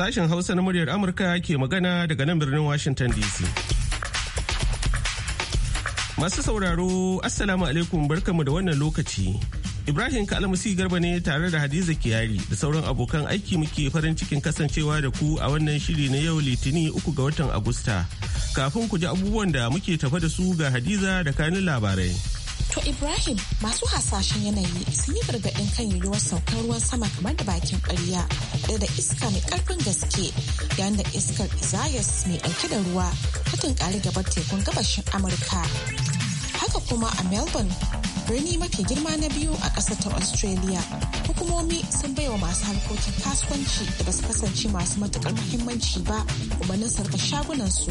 Sashen Hausa na muryar Amurka ke magana daga nan birnin Washington DC. Masu sauraro, Assalamu alaikum barkamu da wannan lokaci. Ibrahim Kalmasi Garba ne tare da Hadiza Kiyari da sauran abokan aiki muke farin cikin kasancewa da ku a wannan shiri na yau Litini uku ga watan Agusta. Kafin ku ji abubuwan da muke tafa da su ga Hadiza da kanin labarai. To Ibrahim masu hasashen yanayi sun yi gargaɗin kan yiwuwar saukar ruwan sama kamar da bakin ƙarya da da iska mai ƙarfin gaske yayin da iskar Isaias mai ɗauke da ruwa ta tunkari gabar tekun gabashin Amurka. Haka kuma a Melbourne birni mafi girma na biyu a ƙasar ta Australia hukumomi sun baiwa masu harkokin kasuwanci da basu kasance masu matuƙar muhimmanci ba umarnin sarka shagunansu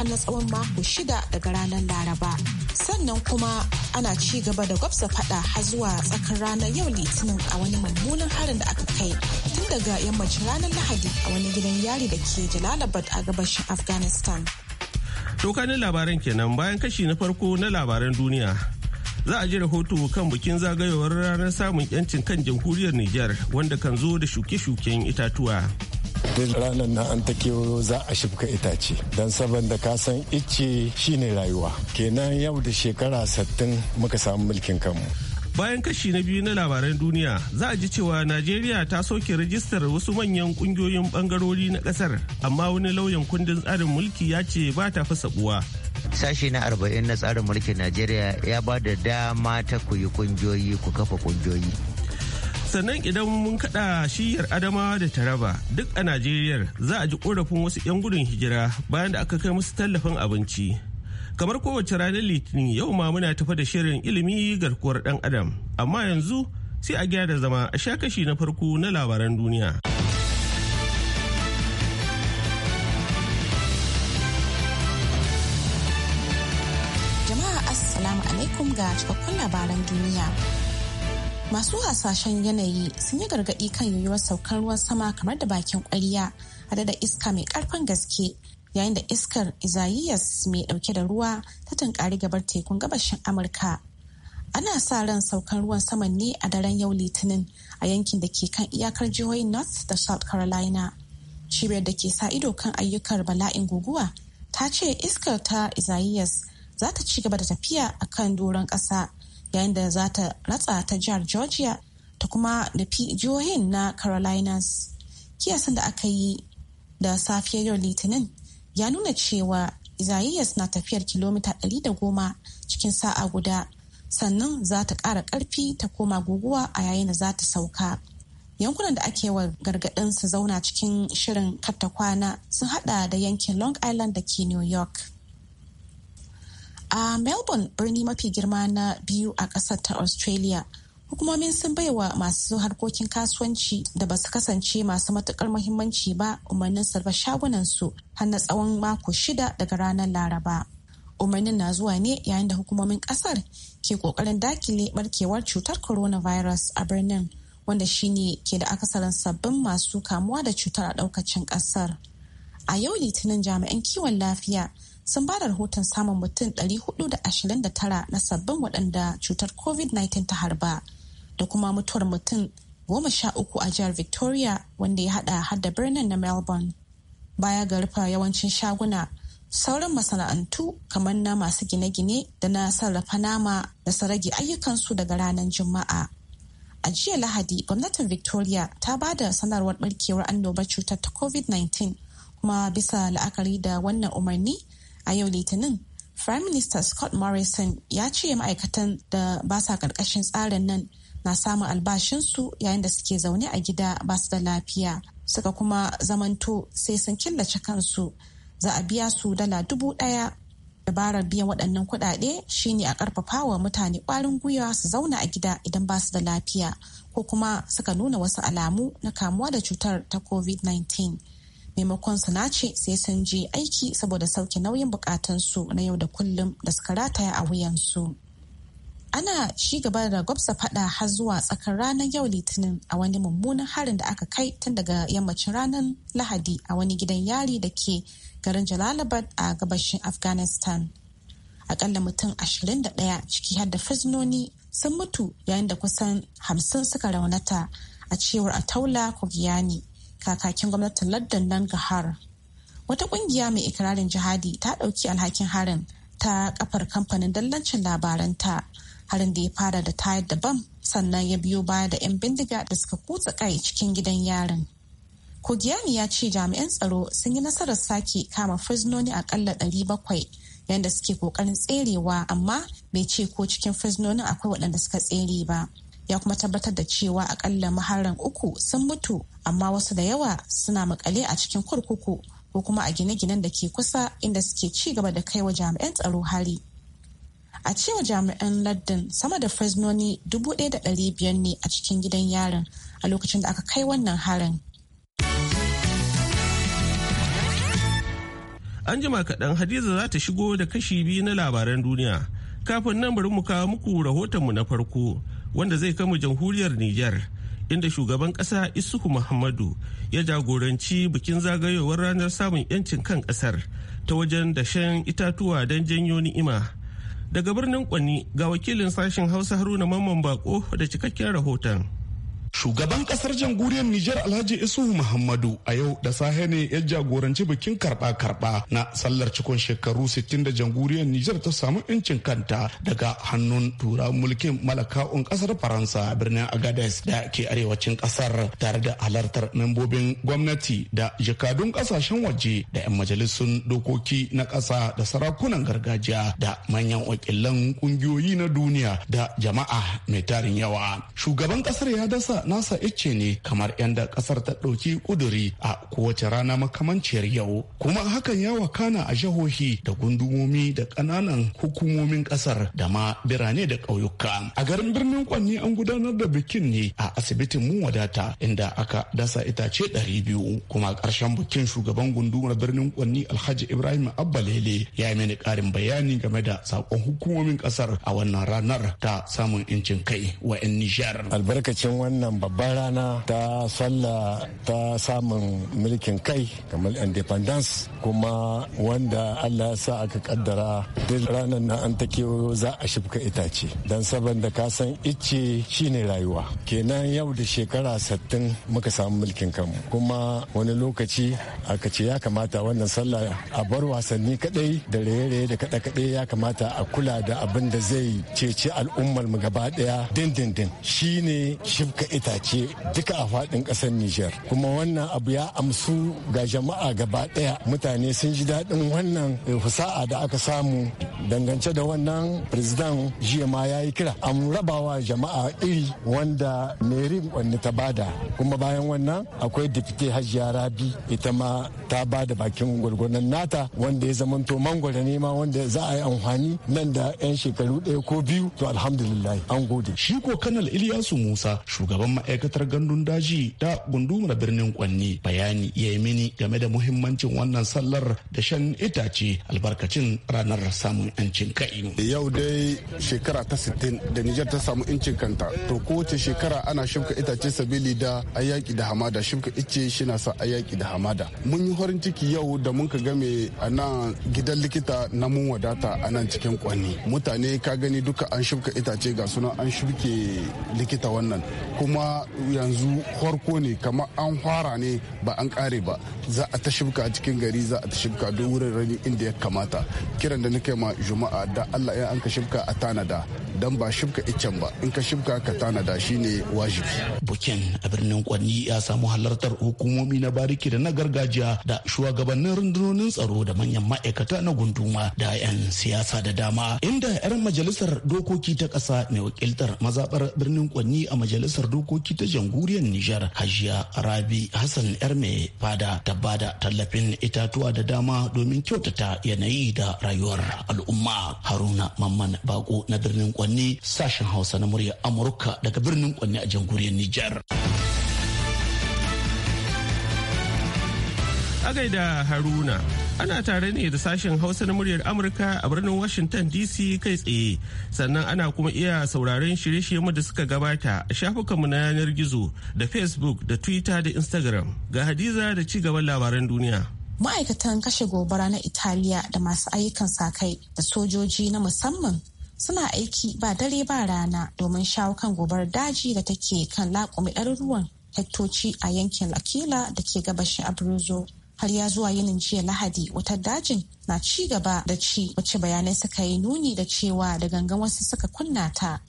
har na tsawon mako shida daga ranar Laraba. Sannan kuma ana ci gaba da gwabza fada har zuwa tsakar ranar yau Litinin a wani mummunan harin da aka kai tun daga yammacin ranar Lahadi a wani gidan yari da ke Jalalabad a gabashin Afghanistan. Tokanin labaran kenan bayan kashi na farko na labaran duniya. Za a ji rahoto kan bikin zagayowar ranar samun 'yancin kan jamhuriyar Niger wanda kan zo da shuke-shuken itatuwa. duk ranar na an ta kewayo za a shifka itace don saboda ka san icce shine rayuwa kenan yau da shekara sattin muka samu mulkin kanmu bayan kashi na biyu na labaran duniya za a ji cewa najeriya ta soke rajistar wasu manyan kungiyoyin bangarori na kasar amma wani lauyan kundin tsarin mulki ya ce ba ta fasa uwa. sashi na arba'in na tsarin mulkin najeriya ya ba da dama ta kuyi kungiyoyi ku kafa kungiyoyi sannan idan mun kada shiyar adama da taraba duk a najeriya za a ji korafin wasu 'yan gudun hijira bayan da aka kai musu tallafin abinci kamar kowace ranar litinin yau ma muna tafa da shirin ilimi garkuwar dan adam amma yanzu sai a gyara zama a sha kashi na farko na labaran duniya jama'a assalamu alaikum ga cikakkun labaran duniya masu hasashen yanayi sun yi gargaɗi kan yiwuwar saukar ruwan sama kamar da bakin kwariya a da iska mai ƙarfin gaske yayin da iskar izayiyas mai ɗauke da ruwa ta tunkari gabar tekun gabashin amurka ana sa ran saukan ruwan saman ne a daren yau litinin a yankin da ke kan iyakar jihohin north da south carolina cibiyar da ke sa ido kan ayyukar bala'in guguwa ta ce iskar ta izayiyas za ta ci gaba da tafiya a kan doron ƙasa yayin da za ta ratsa ta jihar georgia ta kuma da jihohin na carolinas kiyasan da aka yi da safiyar yau litinin ya nuna cewa Izayiyas na tafiyar kilomita 110 cikin sa'a guda sannan za ta ƙara ƙarfi ta koma guguwa a yayin da za ta sauka. Yankunan da ake wa gargaɗin su zauna cikin shirin kwana sun hada da yankin Long Island da ke New York. a melbourne birni mafi girma na biyu a ƙasar ta australia hukumomin sun baiwa masu harkokin kasuwanci da ba su kasance masu matukar muhimmanci ba umarnin sarfa shagunansu har na tsawon mako shida daga ranar laraba umarnin na zuwa ne yayin da hukumomin ƙasar ke ƙoƙarin dakile barkewar cutar coronavirus a birnin wanda shine ke da akasarin sabbin masu kamuwa da cutar a ɗaukacin ƙasar. a yau litinin jami'an kiwon lafiya sun ba da rahoton samun mutum 429 na sabbin waɗanda cutar covid-19 ta harba da kuma mutuwar mutum goma sha uku a jihar victoria wanda ya hada da birnin na melbourne baya ga rufe yawancin shaguna sauran masana'antu kamar na masu gine-gine da na sarrafa nama da su rage ayyukansu daga ranar juma'a a jiya lahadi gwamnatin victoria ta ba da sanarwar barkewar annobar cutar ta covid-19 kuma bisa la'akari da wannan umarni a yau litinin prime minister scott morrison ya ce ma'aikatan da ba sa karkashin tsarin nan na samun albashinsu yayin da suke zaune a gida ba su da lafiya suka kuma zamanto sai sun killace kansu za a biya su dala dubu daya dabarar biyan waɗannan kuɗaɗe shine a ƙarfafa wa mutane ƙwarin gwiwa su zauna a gida idan ba su da lafiya ko kuma suka nuna wasu alamu na kamuwa da cutar ta covid-19 maimakon su na ce sai sun je aiki saboda sauke nauyin bukatunsu na yau da kullum da suka rataya a wuyansu. ana shi gaba da gwabsa fada har zuwa tsakar ranar yau litinin a wani mummunan harin da aka kai tun daga yammacin ranar lahadi a wani gidan yari da ke garin jalalabad a gabashin afghanistan akalla mutum 21 ciki har da sun mutu yayin da kusan 50 suka raunata a cewar a taula kogiyani kakakin gwamnatin ga har Wata kungiya mai ikirarin jihadi ta ɗauki alhakin harin ta kafar kamfanin dallancin labaranta harin da ya fara da tayar da bam sannan ya biyo baya da 'yan bindiga da suka kutsa kai cikin gidan yarin. Kogiyani ya ce jami'an tsaro sun yi nasarar sake kama fursunoni akalla 700 yadda suke kokarin tserewa amma bai ce ko cikin fursunonin akwai waɗanda suka tsere ba. ya kuma tabbatar da cewa akalla maharan uku sun mutu amma wasu da yawa suna makale a cikin kurkuku ko kuma a gine-ginen da ke kusa inda suke ci gaba da kai wa jami'an tsaro hari. A cewa jami'an lardin sama da dubu da ɗari biyar ne a cikin gidan yarin a lokacin da aka kai wannan harin. An jima kaɗan Hadiza za ta shigo da kashi biyu na labaran duniya. Kafin nan bari mu kawo muku rahotonmu na farko wanda zai kama jamhuriyar Nijar inda shugaban ƙasa Isuhu Muhammadu ya jagoranci bikin zagayowar ranar samun 'yancin kan ƙasar ta wajen dashen itatuwa don janyo ni'ima. Daga birnin Kwani ga wakilin sashen Hausa Haruna Mamman Bako da cikakken rahoton. Shugaban kasar jamhuriyar Nijar Alhaji Isuhu Muhammadu a yau da sahe ne ya jagoranci bikin karba-karba na sallar cikon shekaru 60 da jamhuriyar Nijar ta samu incin kanta daga hannun tura mulkin malaka'un kasar Faransa birnin Agadez da ke arewacin kasar tare da halartar membobin gwamnati da jakadun kasashen waje da 'yan majalisun dokoki na kasa da sarakunan gargajiya da manyan wakilan kungiyoyi na duniya da jama'a mai tarin yawa. Shugaban kasar ya dasa nasa ice icce ne kamar yadda kasar ta ɗauki kuduri a kowace rana makamanciyar yau kuma hakan ya wakana a jihohi da gundumomi da ƙananan hukumomin kasar da ma birane da ƙauyuka a garin birnin kwanni an gudanar da bikin ne a asibitin mu wadata inda aka dasa itace ɗari biyu kuma ƙarshen bikin shugaban gundumar birnin kwanni alhaji ibrahim abbalele ya yi mini ƙarin bayani game da sakon hukumomin kasar a wannan ranar ta samun incin kai wa 'yan nijar albarkacin wannan wannan babban rana ta sallah ta samun mulkin kai kamar independence kuma wanda allah ya sa aka kaddara duk ranar na an ta kewayo za a shifka itace don saboda ka san icce shine rayuwa kenan yau da shekara sattin muka samu mulkin kanmu kuma wani lokaci aka ce ya kamata wannan sallah a bar wasanni kadai da raye-raye da kaɗa kaɗe ya kamata a kula da abin da zai ceci al'ummar mu gaba ɗaya dindindin shine shifka itace duka a faɗin ƙasar Nijar. Kuma wannan abu ya amsu ga jama'a gaba ɗaya. Mutane sun ji daɗin wannan eh, fusa'a da aka samu dangance da wannan firizidan jiya ma ya yi kira. An rabawa jama'a iri wanda Meri wani ta bada. Kuma bayan wannan akwai dipite hajji Rabi ita ma ta bada bakin gwargwadon nata wanda ya zamanto mangwara ne ma wanda za a yi amfani nan da 'yan shekaru ɗaya ko biyu to alhamdulillah an gode. Shi ko Kanal Iliyasu Musa shugaban shugaban ma'aikatar gandun daji ta gundumar birnin Kwanni bayani ya yi mini game da muhimmancin wannan sallar da shan itace albarkacin ranar samun 'yancin kai. Yau dai shekara ta 60 da Nijar ta samu 'yancin kanta. To kowace shekara ana shimka itace sabili da ayyaki da hamada shimka ice shi na sa ayyaki da hamada. Mun yi farin ciki yau da mun ka game a nan gidan likita na mun wadata a nan cikin Kwanni. Mutane ka gani duka an shimka itace ga sunan an shimke likita wannan. Kuma kuma yanzu farko ne kamar an fara ne ba an kare ba za a ta shibka a cikin gari za a ta shibka don wurin inda ya kamata kiran da na kai ma juma'a da allah ya an ka shibka a tanada dan ba shibka iccen ba in ka shibka ka tanada shine wajibi bukin a birnin kwanni ya samu halartar hukumomi na bariki da na gargajiya da shugabannin rundunonin tsaro da manyan ma'aikata na gunduma da 'yan siyasa da dama inda 'yan majalisar dokoki ta ƙasa mai wakiltar mazaɓar birnin kwanni a majalisar dokoki harkoki ta jamhuriyar Nijar Hajiya Rabi Hassan Erme Fada ta bada tallafin itatuwa da dama domin kyautata yanayi da rayuwar al'umma. Haruna Mamman Bako na birnin Kwanni sashen Hausa na murya Amurka daga birnin Kwanni a jamhuriyar Nijar. A gaida Haruna Ana tare ne da sashen Hausa na muryar Amurka a birnin Washington DC kai tsaye. Sannan ana kuma iya sauraron shirye-shiryen da suka gabata a shafukanmu na yanar gizo da Facebook da Twitter da Instagram. Ga Hadiza da ci gaban labaran duniya. Ma'aikatan kashe gobara na Italiya da masu ayyukan sa-kai da sojoji na musamman suna aiki ba dare ba rana domin shawo kan gobarar daji da take kan laƙumi ɗaruruwan hektoci a yankin Lakila da ke gabashin Abruzzo. har ya zuwa yinin jiya lahadi wata dajin na ci gaba da ci wacce bayanai suka yi nuni da cewa da gangan wasu suka kunna ta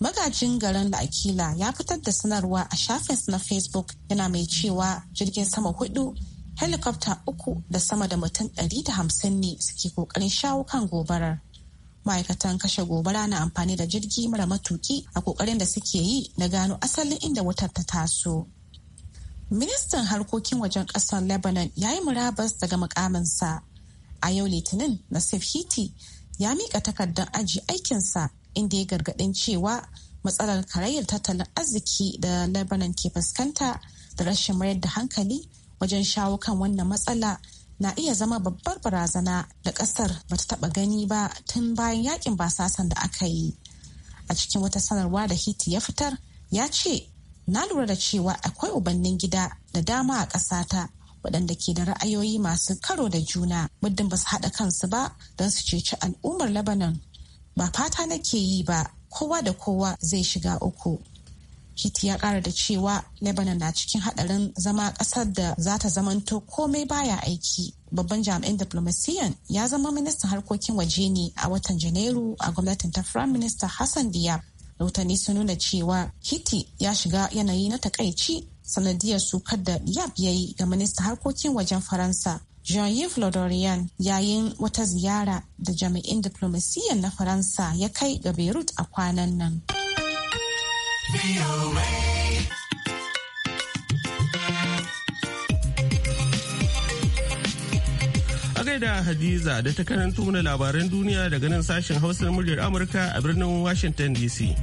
magajin garin da akila ya fitar da sanarwa a shafinsa na facebook yana mai cewa jirgin sama hudu helikofta uku da sama da mutum da hamsin ne suke kokarin shawo kan gobarar ma'aikatan kashe gobara na amfani da jirgi mara matuki a kokarin da suke yi na gano asalin inda wutar ta taso Ministan harkokin wajen kasar Lebanon ya yi murabas daga mukaminsa. A yau Litinin Nasif Hiti ya mika takardar aji aikinsa inda ya gargaɗin cewa matsalar karayyar tattalin arziki da Lebanon ke fuskanta da rashin mayar da hankali wajen shawo kan wannan matsala na iya zama babbar barazana da ƙasar ba ta taɓa gani ba tun bayan yakin basasan da aka yi. A cikin wata sanarwa da Hiti ya fitar, ya ce na lura da cewa akwai ubannin gida da dama a ƙasata waɗanda ke da ra'ayoyi masu karo da juna muddin ba su haɗa kansu ba don su ceci al'ummar lebanon ba fata nake yi ba kowa da kowa zai shiga uku kiti ya ƙara da cewa Lebanon na cikin haɗarin zama ƙasar da za ta zamanto komai baya aiki. Babban jami'in diplomasiyan ya zama ministan harkokin waje ne a watan Janairu a gwamnatin ta Firayim Hassan Diab rahotanni sun nuna cewa kiti ya shiga yanayi na takaici sanadiyar sukar da yab ya yi ga minista harkokin wajen faransa Jean-Yves Lodorian yayin wata ziyara da jami'in diplomasiyan na Faransa ya kai ga Beirut a kwanan nan. da Hadiza da ta karanto mana labaran duniya daga nan sashen Hausar muryar Amurka a birnin Washington DC.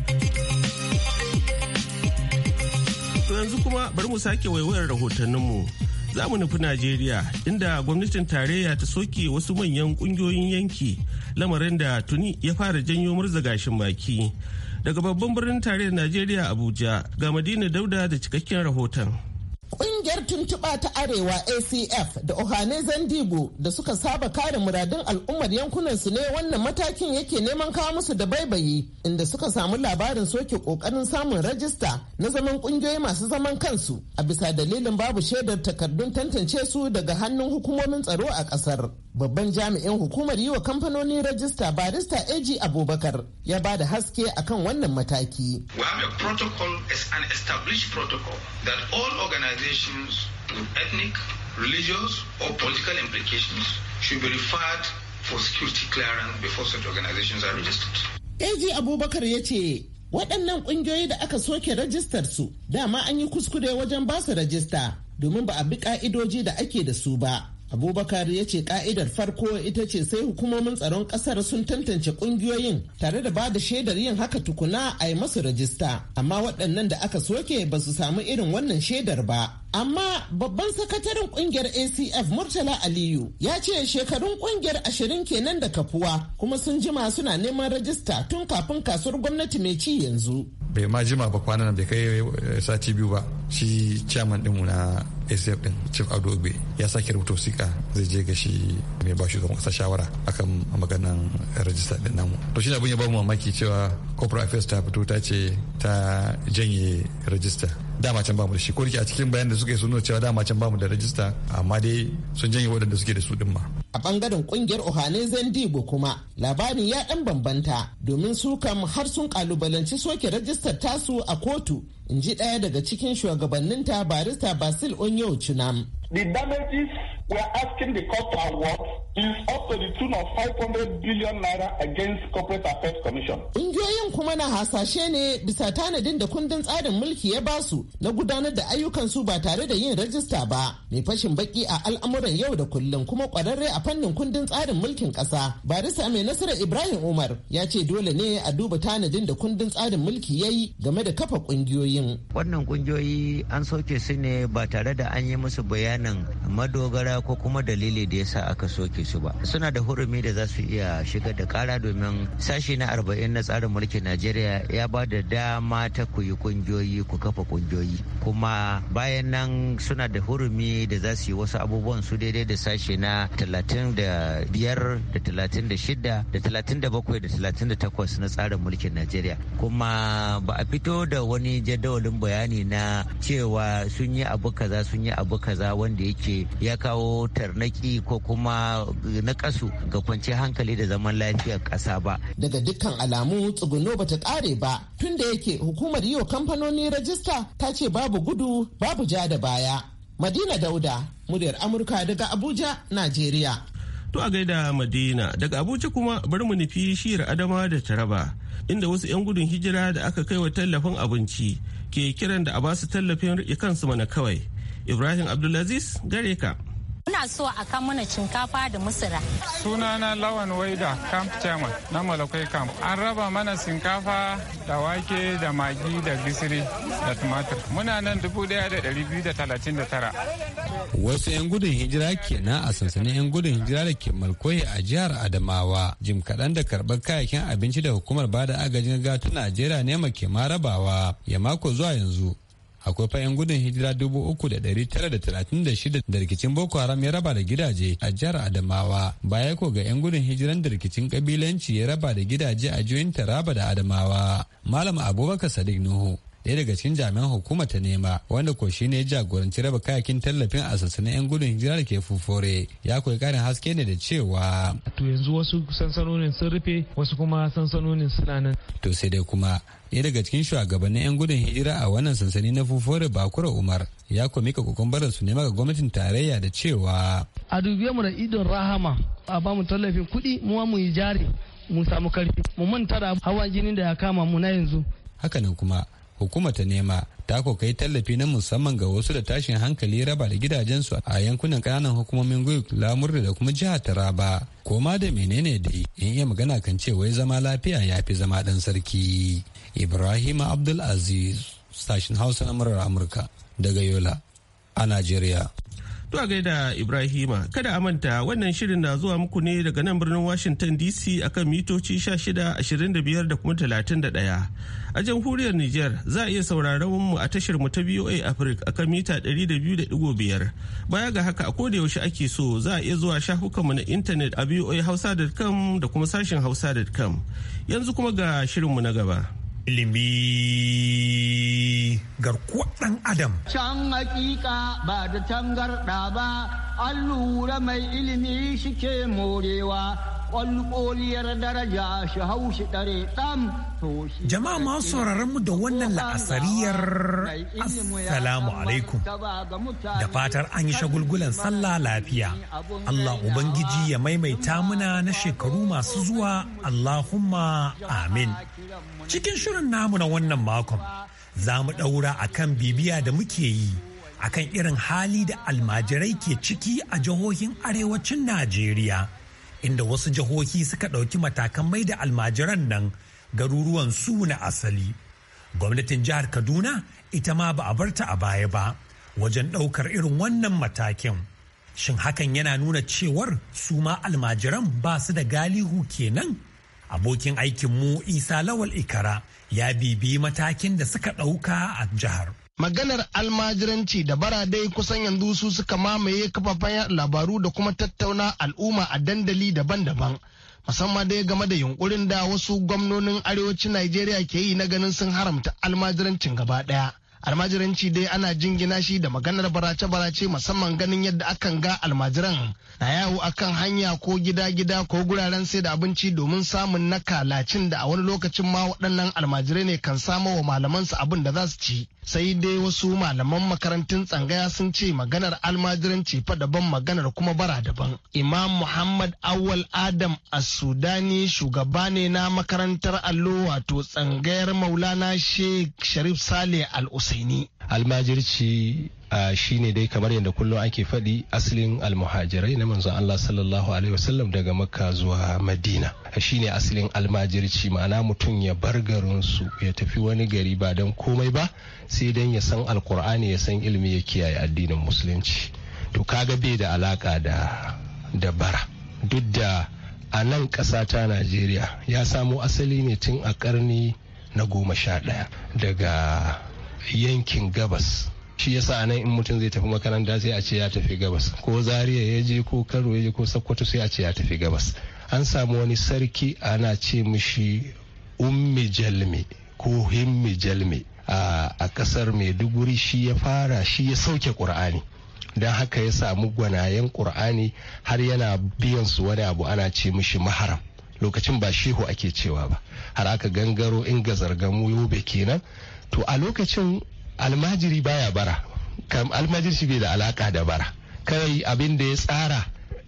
yanzu kuma bari mu sake waiwayar rahotanninmu. Za mu nufi Najeriya inda gwamnatin tarayya ta soke wasu manyan kungiyoyin yanki lamarin da tuni ya fara janyo murza gashin baki. Daga babban birnin tarayyar Najeriya Abuja ga Madina Dauda da cikakken rahoton. Kungiyar tuntuɓa ta Arewa ACF da Ohane Zandibo da suka saba kare muradun al'ummar yankunan su ne wannan matakin yake neman kawo musu da baibayi inda suka samu labarin soke kokarin samun rajista na zaman kungiyoyi masu zaman kansu a bisa dalilin babu shaidar takardun tantance su daga hannun hukumomin tsaro a kasar. Babban jami'in hukumar yi wa kamfanoni rajista barista AG Abubakar ya ba da haske akan wannan mataki. We have a protocol, an established protocol that all issues with ethnic, religious, or political implications should be referred for security clearance before such organizations are registered. AG Abubakar ya ce waɗannan ƙungiyoyi da aka soke rajistar su dama an yi kuskure wajen ba su rajista domin ba a bi ƙa'idoji da ake da su ba. abubakar ya ce ka'idar farko ita ce sai hukumomin tsaron kasar sun tantance kungiyoyin tare da ba da shaidar yin haka tukuna a yi masu rajista amma waɗannan da aka soke ba su samu irin wannan shaidar ba amma babban sakataren kungiyar acf murtala aliyu ya ce shekarun kungiyar ashirin kenan da kafuwa kuma sun jima suna neman rajista tun kafin kasuwar gwamnati mai ci yanzu bai ma jima ba kwanan bai kai eh, sati biyu ba shi chairman dinmu na sf din chief ogbe ya sake rubuta wasiƙa zai je ga shi mai ba shi kasa shawara akan maganan register din namu to shi abin ya ba mu mamaki cewa corporate affairs ta fito ta ce ta janye register dama can bamu da shi ko a cikin bayan da suke yi nuna cewa dama can bamu da register amma dai sun janye waɗanda suke da su din ma. A bangaren kungiyar Ohane Dibo kuma labarin ya dan bambanta domin su kam har sun kalubalanci soke rajistar tasu a kotu in ji ɗaya daga cikin ta barista basil onyo chinam The damages we are asking the court to award is up to the tune of 500 billion naira against Corporate Affairs Commission. Ƙungiyoyin kuma na hasashe ne bisa tanadin da kundin tsarin mulki ya basu na gudanar da ayyukansu ba tare da yin rajista ba. Mai fashin baki a al'amuran yau da kullum kuma ƙwararre a fannin kundin tsarin mulkin ƙasa. barisa mai nasarar Ibrahim Umar ya ce dole ne a duba tanadin da kundin tsarin mulki ya yi game da kafa ƙungiyoyin. Wannan ƙungiyoyi an soke su ne ba tare da an yi musu bayani bayanin madogara ko kuma dalili da yasa aka soke su ba suna da hurumi da za su iya shiga da kara domin sashi na arba'in na tsarin mulkin najeriya ya ba da dama ta ku yi kungiyoyi ku kafa kungiyoyi kuma bayan nan suna da hurumi da za su yi wasu abubuwan su daidai da sashi na talatin da biyar da talatin da shida da talatin da bakwai da talatin da takwas na tsarin mulkin najeriya kuma ba a fito da wani jadawalin bayani na cewa sun yi abu kaza sun yi abu kaza wanda yake ya kawo tarnaki ko kuma nakasu ga kwanciyar hankali da zaman lafiyar ƙasa ba. Daga dukkan alamu tsuguno ta ƙare ba tun da yake hukumar yiwa kamfanoni rajista ta ce babu gudu babu ja da baya. Madina Dauda, muryar Amurka daga Abuja, Najeriya. To a gaida Madina, daga Abuja kuma bari mu nufi shiyar Adama da Taraba, inda wasu 'yan gudun hijira da aka kai wa tallafin abinci ke kiran da a basu tallafin riƙe kansu mana kawai. Ibrahim Abdulaziz gare ka. Muna so a kan mana shinkafa da musura. Sunana Lawan Waida Camp Chairman na Malakai Camp. An raba mana shinkafa da wake da magi da gisiri da tumatir. Muna nan tara. Wasu 'yan gudun hijira kenan a sansanin 'yan gudun hijira da ke Malkoyi a jihar Adamawa. Jim kaɗan da karɓar kayayyakin abinci da hukumar bada agajin gatu Najeriya ne ma ke marabawa rabawa. Ya mako zuwa yanzu akwai fa gudun hijira dubu uku da ɗari tara da talatin da shida da rikicin boko haram ya raba da gidaje a jihar adamawa baya ko ga 'yan gudun hijiran da rikicin kabilanci ya raba da gidaje a juyin taraba da adamawa malam abubakar sadiq nuhu daya daga cikin jami'an hukumar ta nema wanda ko shi ne jagoranci raba kayakin tallafin sassanin 'yan gudun hijira da ke fufore ya koyi karin haske ne da cewa to yanzu wasu sansanonin sun rufe wasu kuma sansanonin suna nan to sai dai kuma ɗaya daga cikin shugabannin 'yan gudun hijira a wannan sansani na fufore bakura umar ya komi ka kokumbarar su nema ga gwamnatin tarayya da cewa a dubiye mu da idon rahama a bamu tallafin kuɗi mu mu yi jari mu samu karfi mu manta da hawan jini da ya kama mu na yanzu hakanan kuma hukuma ta nema ta kokai tallafi na musamman ga wasu da tashin hankali raba da gidajensu a yankunan kananan hukumomin guyuk lamurda da kuma jihar taraba koma da menene dai in iya magana kan ce wai zama lafiya ya fi zama dan sarki ibrahim abdulaziz sashen hausa na murar amurka daga yola a nigeria. zuwa a gaida Ibrahima, kada a manta wannan shirin na zuwa muku ne daga nan birnin Washington DC akan mitoci 16, 25 da kuma 31. A jamhuriyar Nijar za a iya sauraron mu a tashar mu ta VOA Africa akan mita 200.5. Baya ga haka a koda yaushe ake so za a iya zuwa shafukanmu na intanet a voahausa.com da kuma sashin hausa.com. Yanzu kuma ga shirin mu na gaba. ilimi garkuwar ɗan adam. Can hakika ba da tangarɗa ba, an mai ilimi shike morewa Jama'a ma sauraron mu da wannan la'asariyar Assalamu alaikum da fatar an yi shagulgulan sallah lafiya. Allah Ubangiji ya maimaita muna na shekaru masu zuwa Allahumma amin. Cikin shirin namu na wannan makon za mu ɗaura a kan bibiya da muke yi akan irin hali da almajirai ke ciki a jihohin arewacin Najeriya. inda wasu jihohi suka ɗauki matakan mai da almajiran nan garuruwan su na asali. Gwamnatin jihar Kaduna ita ma ba a barta a baya ba wajen ɗaukar irin wannan matakin. Shin hakan yana nuna cewar su ma almajiran ba su da galihu kenan? Abokin aikinmu Isa Lawal Ikara ya bibi matakin da suka ɗauka a jihar. maganar almajiranci da bara dai kusan yanzu su suka mamaye kafafen labaru da kuma tattauna al'umma a dandali daban-daban musamman dai game da yunkurin da wasu gwamnonin arewacin najeriya ke yi na ganin sun haramta almajirancin gaba ɗaya. almajiranci dai ana jingina shi da maganar barace-barace musamman ganin yadda akan ga almajiran na yawo akan hanya ko gida-gida ko guraren sai da abinci domin samun na kalacin da a wani lokacin ma waɗannan almajirai ne kan samo wa su abin da za su ci sai dai wasu malaman makarantun tsangaya sun ce maganar almajiranci fa daban maganar kuma bara daban imam muhammad awal adam a sudani shugaba ne na makarantar allo wato tsangayar maulana sheikh sharif saleh al husaini almajirci shine dai kamar yadda kullum ake faɗi asalin almuhajirai na manzon Allah sallallahu alaihi wasallam daga makka zuwa madina shine asalin almajirci ma'ana mutum ya bar garinsu ya tafi wani gari ba don komai ba sai don ya san alkur'ani ya san ilmi ya kiyaye addinin musulunci to kaga bai da alaka da da bara duk da a nan ƙasa ta najeriya ya samo asali ne tun a ƙarni na goma sha ɗaya daga yankin gabas shi yasa nan in mutum zai tafi makaranta sai a ce ya tafi gabas ko Zariya ya je ko kano ya je ko sokoto sai a ce ya tafi gabas an samu wani sarki ana ce mishi ummi jalmi ko himmi jalmi a kasar maiduguri shi ya fara shi ya sauke ƙur'ani don haka ya samu gwanayen ƙur'ani har yana biyan su wani abu ana ce mishi maharam lokacin ba shehu ake cewa ba har aka gangaro in zargamu yobe kenan to a lokacin almajiri baya bara kam almajirci bai da alaka da bara kai abin da ya tsara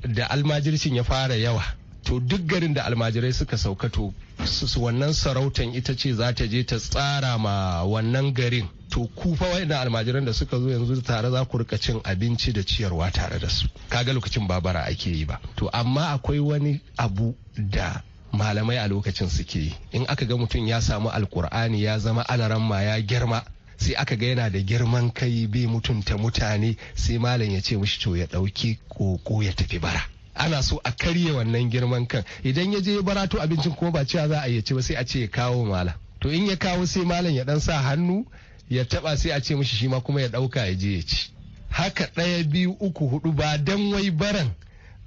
da almajircin ya fara yawa to duk garin da almajirai suka sauka to su wannan sarautan ita ce za ta je ta tsara ma wannan garin to ku fa da almajiran da suka zo yanzu tare za ku rika cin abinci da ciyarwa tare da su kaga lokacin babara ake yi ba to amma akwai wani abu da malamai a lokacin suke yi in aka ga mutum ya samu alkur'ani ya zama alaramma ya girma sai aka ga yana da girman kai bai mutunta mutane sai malam ya ce mishi to ya ɗauki koko ya tafi bara ana so a karye wannan girman kan idan ya je bara to abincin kuma ba cewa za a iya ci ba sai a ce ya kawo malam to in ya kawo sai malam ya dan sa hannu ya taba sai a ce mishi shi ma kuma ya ɗauka ya je ya ci haka ɗaya biyu uku hudu ba dan wai baran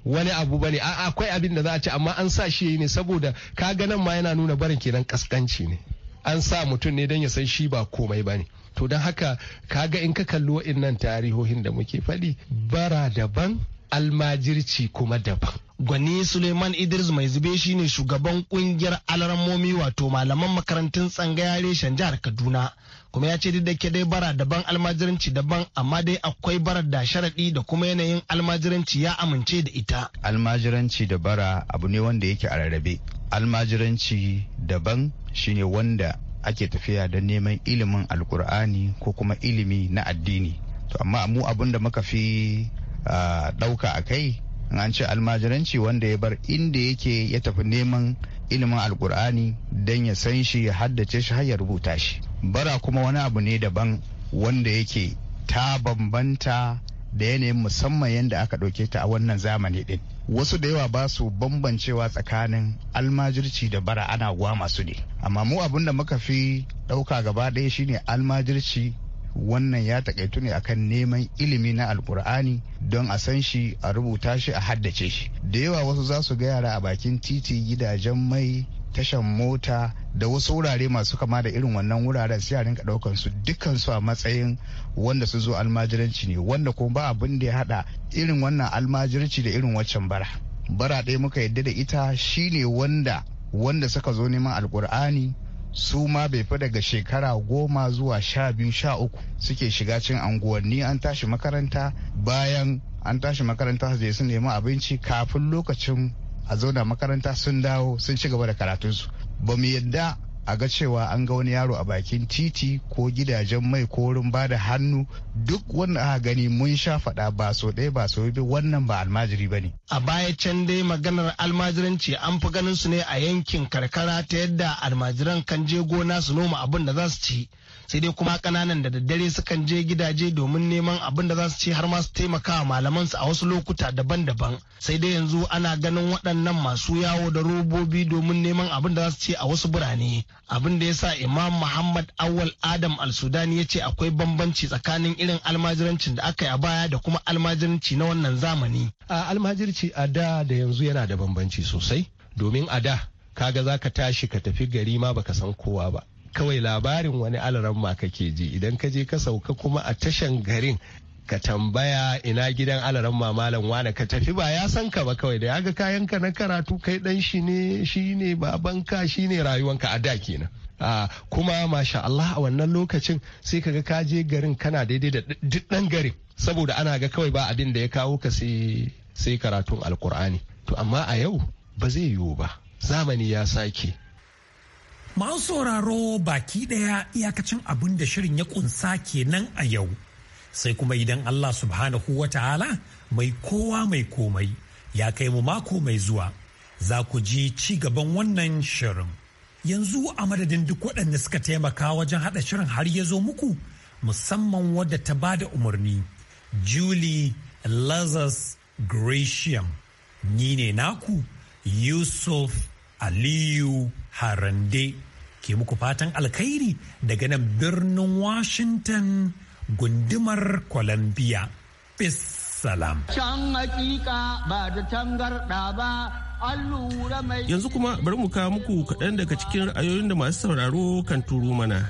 wani abu bane a akwai abin da za a ci amma an sa shi ne saboda ka nan ma yana nuna barin kenan kaskanci ne an sa mutum ne don ya san shi ba komai bane to don haka ka ga in ka kalli nan tarihohin da muke faɗi bara daban almajirci kuma daban Gwani Suleiman Idris mai zube ne shugaban kungiyar alarmomi wato malaman makarantun tsangaya reshen jihar Kaduna. Kuma ya ce duk ke dai bara daban almajiranci daban amma dai akwai barar da sharaɗi da kuma yanayin almajiranci ya amince da ita. Almajiranci da bara abu ne wanda yake a rarrabe. Almajiranci daban shine wanda ake tafiya da neman ilimin alkur'ani ko kuma ilimi na addini. To amma mu abin da muka fi ah, ɗauka a kai an ce almajiranci wanda ya bar inda yake ya tafi neman ilimin alkur'ani don ya san shi ya haddace shi har ya rubuta shi bara kuma wani abu ne daban wanda yake ta bambanta da yanayin musamman yadda aka ɗauke ta a wannan zamani ɗin wasu da yawa ba su bambancewa tsakanin almajirci da bara ana guwa masu ne amma mu abin da muka fi ɗauka gaba ɗaya shine almajirci wannan ya takaitu ne akan neman ilimi na alkur'ani don a san shi a rubuta shi a haddace shi da yawa wasu za su ga yara a bakin titi gidajen mai tashan mota da wasu wurare masu kama da irin wannan wuraren sai a rinka daukan su dukkan su a matsayin wanda su zo almajiranci ne wanda kuma ba abin da ya haɗa irin wannan almajiranci da irin waccan bara bara ɗaya muka yadda da ita shine wanda wanda suka zo neman alkur'ani su ma bai fi daga shekara goma zuwa sha biyu sha uku suke shiga cin anguwanni an tashi makaranta bayan an tashi makaranta su je su nemi abinci kafin lokacin a zauna makaranta sun dawo sun ci gaba da karatunsu ba mu yadda a ga cewa an ga wani yaro a bakin titi ko gidajen mai ko wurin ba da hannu duk wanda aka gani mun sha faɗa ba so ɗaya ba so biyu wannan ba almajiri ba ne. A baya can dai maganar almajiranci an fi ganin su ne a yankin karkara ta yadda almajiran kan je gona su noma abin da za su ci sai dai kuma kananan da daddare sukan je gidaje domin neman abin da za su ce har ma su taimaka wa malaman su a wasu lokuta daban-daban sai dai yanzu ana ganin waɗannan masu yawo da robobi domin neman abin da za su ce a wasu birane abin da yasa imam muhammad awal adam al-sudani ya ce akwai bambanci tsakanin irin almajirancin da aka yi a baya da kuma almajiranci na wannan zamani a almajirci a da da yanzu yana da bambanci sosai domin a da kaga za ka tashi ka tafi gari ma baka san kowa ba kawai labarin wani alaramma kake ji idan ka je ka sauka kuma a tashan garin ka tambaya ina gidan alaran mamalan wane ka tafi ba ya san ka ba kawai da yaga ga ka na karatu kai dan shi ne shi ne babanka shi ne rayuwanka a da kenan a kuma masha Allah a wannan lokacin sai kaga ka je garin kana daidai da duk dan garin saboda ana ga kawai ba abin da ya kawo ka sai karatun alkur'ani to amma a yau ba zai yiwu ba zamani ya sake Masu sauraro baki ɗaya iyakacin abin da shirin ya kunsa kenan a yau. Sai kuma idan Allah subhanahu wa ta'ala mai kowa mai komai ya kai mu mako mai zuwa za ku ji ci gaban wannan shirin. Yanzu a madadin duk waɗanda suka taimaka wajen haɗa shirin har ya zo muku musamman wadda ta ba da umarni. Julie Lazarus Gratiam. Ni ne naku Yusuf Aliyu harande ke muku fatan alkhairi daga nan birnin washington gundumar columbia bisalam can hakika ba da tangarda ba yanzu kuma bari mu kawo muku kaɗan daga cikin ra'ayoyin da masu sauraro kan turu mana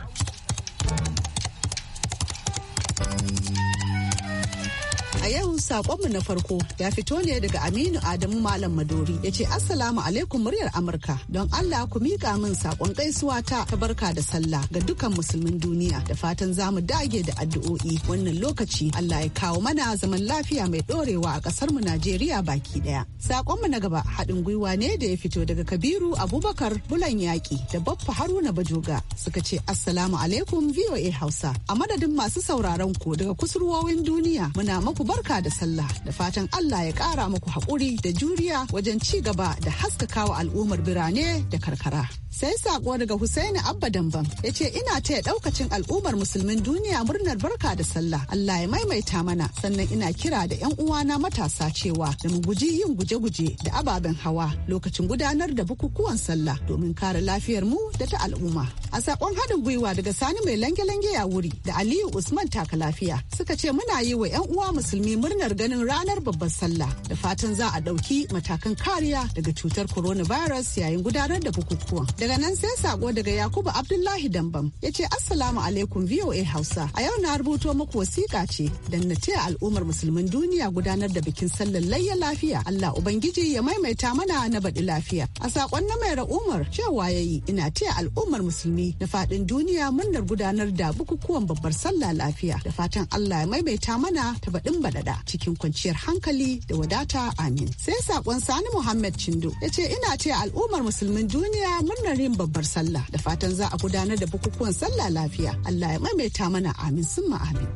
sakonmu na farko ya fito ne daga Aminu Adamu Malam Madori ya ce Assalamu alaikum muryar Amurka don Allah ku miƙa min sakon gaisuwa ta barka da sallah ga dukkan musulmin duniya da fatan za mu dage da addu'o'i wannan lokaci Allah ya kawo mana zaman lafiya mai ɗorewa a ƙasar mu Najeriya baki ɗaya. Sakonmu na gaba haɗin gwiwa ne da ya fito daga Kabiru Abubakar Bulan Yaƙi da Baffa Haruna Bajoga suka ce Assalamu alaikum VOA Hausa a madadin masu sauraron ku daga kusurwowin duniya muna muku barka da da sallah da fatan Allah ya kara muku haƙuri da juriya wajen ci gaba da haskaka wa al'ummar birane da karkara. Sai saƙo daga Husaini Abba Damban ya ce ina taya ɗaukacin al'ummar musulmin duniya murnar barka da sallah Allah ya maimaita mana sannan ina kira da 'yan uwana matasa cewa da mu guji yin guje-guje da ababen hawa lokacin gudanar da bukukuwan sallah domin kare lafiyar mu da ta al'umma. A saƙon haɗin gwiwa daga Sani mai lange-lange ya wuri da Aliyu Usman taka lafiya suka ce muna yi wa 'yan uwa musulmi murna murnar ganin ranar babbar sallah da fatan za a ɗauki matakan kariya daga cutar coronavirus yayin gudanar da bukukuwan. Daga nan sai sako daga Yakubu Abdullahi Dambam ya ce Assalamu alaikum VOA Hausa. A yau na rubuto muku wasiƙa ce don na taya al'ummar musulmin duniya gudanar da bikin sallar layya lafiya. Allah Ubangiji ya maimaita mana na baɗi lafiya. A sakon na mai ra'umar cewa ya yi ina taya al'ummar musulmi na faɗin duniya murnar gudanar da bukukuwan babbar sallah lafiya da fatan Allah ya maimaita mana ta baɗin baɗaɗa. cikin kwanciyar hankali da wadata amin. Sai sakon Sani Muhammad Chindo ya ce ina ce al'ummar musulmin duniya murnar yin babbar sallah da fatan za a gudanar da bukukuwan sallah lafiya. Allah ya maimaita mana amin summa amin.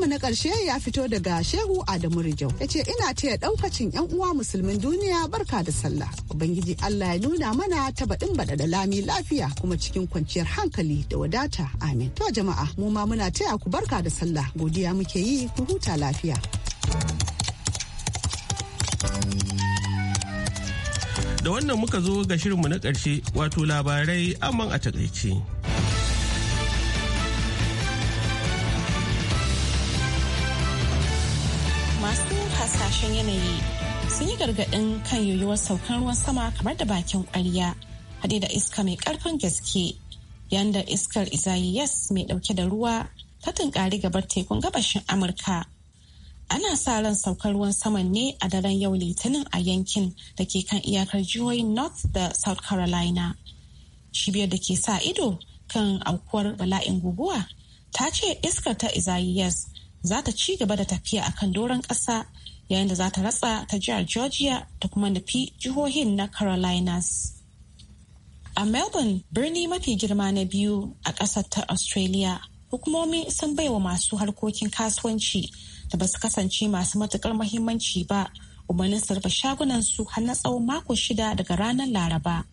mu na karshe ya fito daga Shehu Adamu Rijau ya ce ina taya ɗaukacin 'yan uwa musulmin duniya barka da sallah. Ubangiji Allah ya nuna mana ta baɗin baɗa da lami lafiya kuma cikin kwanciyar hankali da wadata amin. To jama'a mu ma muna taya ku barka da sallah godiya muke yi ku huta lafiya. Da wannan muka zo ga shirinmu na ƙarshe wato labarai amman a takaice. Masu hasashen yanayi sun yi gargaɗin kan yiwuwar saukan ruwan sama kamar da bakin ƙwarya haɗe da iska mai ƙarfin gaske yanda iskar iskar Isaias mai ɗauke da ruwa ta tunƙari gabar tekun gabashin Amurka ana sa ran saukar ruwan saman ne a daren yau litinin a yankin da ke kan iyakar jihohin north da south carolina cibiyar da ke sa ido kan aukuwar bala'in guguwa ta ce iskar ta isaias za ta ci gaba da tafiya a kan doron ƙasa yayin da za ta ratsa ta jihar georgia ta kuma nufi jihohin na carolinas a melbourne birni mafi girma na biyu a ƙasar ta australia hukumomi sun baiwa masu harkokin kasuwanci da ba su kasance masu matukar mahimmanci ba umarnin sarfa shagunan su har na tsawon mako shida daga ranar laraba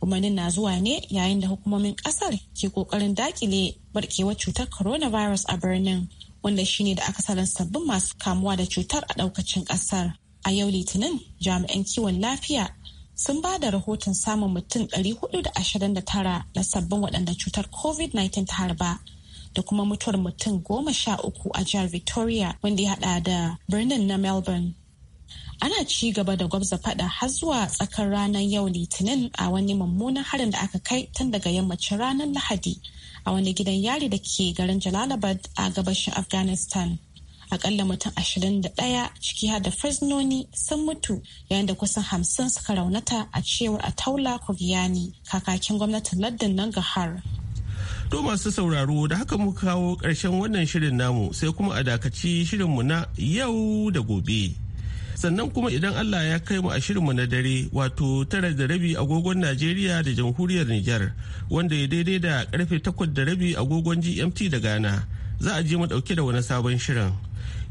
umarnin na zuwa ne yayin da hukumomin kasar ke kokarin dakile barkewar cutar coronavirus a birnin wanda shine da akasarin sabbin masu kamuwa da cutar a daukacin kasar a yau litinin jami'an kiwon lafiya sun ba da rahoton samun mutum 429 na sabbin waɗanda cutar covid-19 ta harba da kuma mutuwar mutum goma sha uku a jihar victoria wanda ya hada da birnin na melbourne ana ci gaba da gwabza fada har zuwa tsakar ranar yau litinin a wani mummunan harin da aka kai tun daga yammacin ranar lahadi a wani gidan yari da ke garin jalalabad a gabashin afghanistan akalla mutum ashirin da 21 ciki har da fursunoni sun mutu yayin da kusan hamsin suka raunata a cewar a taula kogiyani kakakin gwamnatin lardin nan gahar To masu sauraro da haka muka kawo ƙarshen wannan shirin namu sai kuma a dakaci shirinmu na yau da gobe. Sannan kuma idan Allah ya kai mu a shirinmu na dare wato tara da rabi agogon Najeriya da jamhuriyar Nijar wanda ya daidai da karfe takwas da rabi agogon GMT da Ghana za a je mu dauke da wani sabon shirin.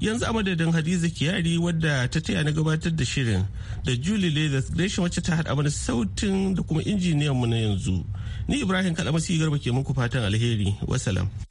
Yanzu a madadin Hadiza Kiyari wadda ta taya na gabatar da shirin da Julie Leathers Gresham wacce ta haɗa mana sautin da kuma injiniyan mu na yanzu. Ni Ibrahim Kalamasi Garba ke muku fatan alheri. Wasalam.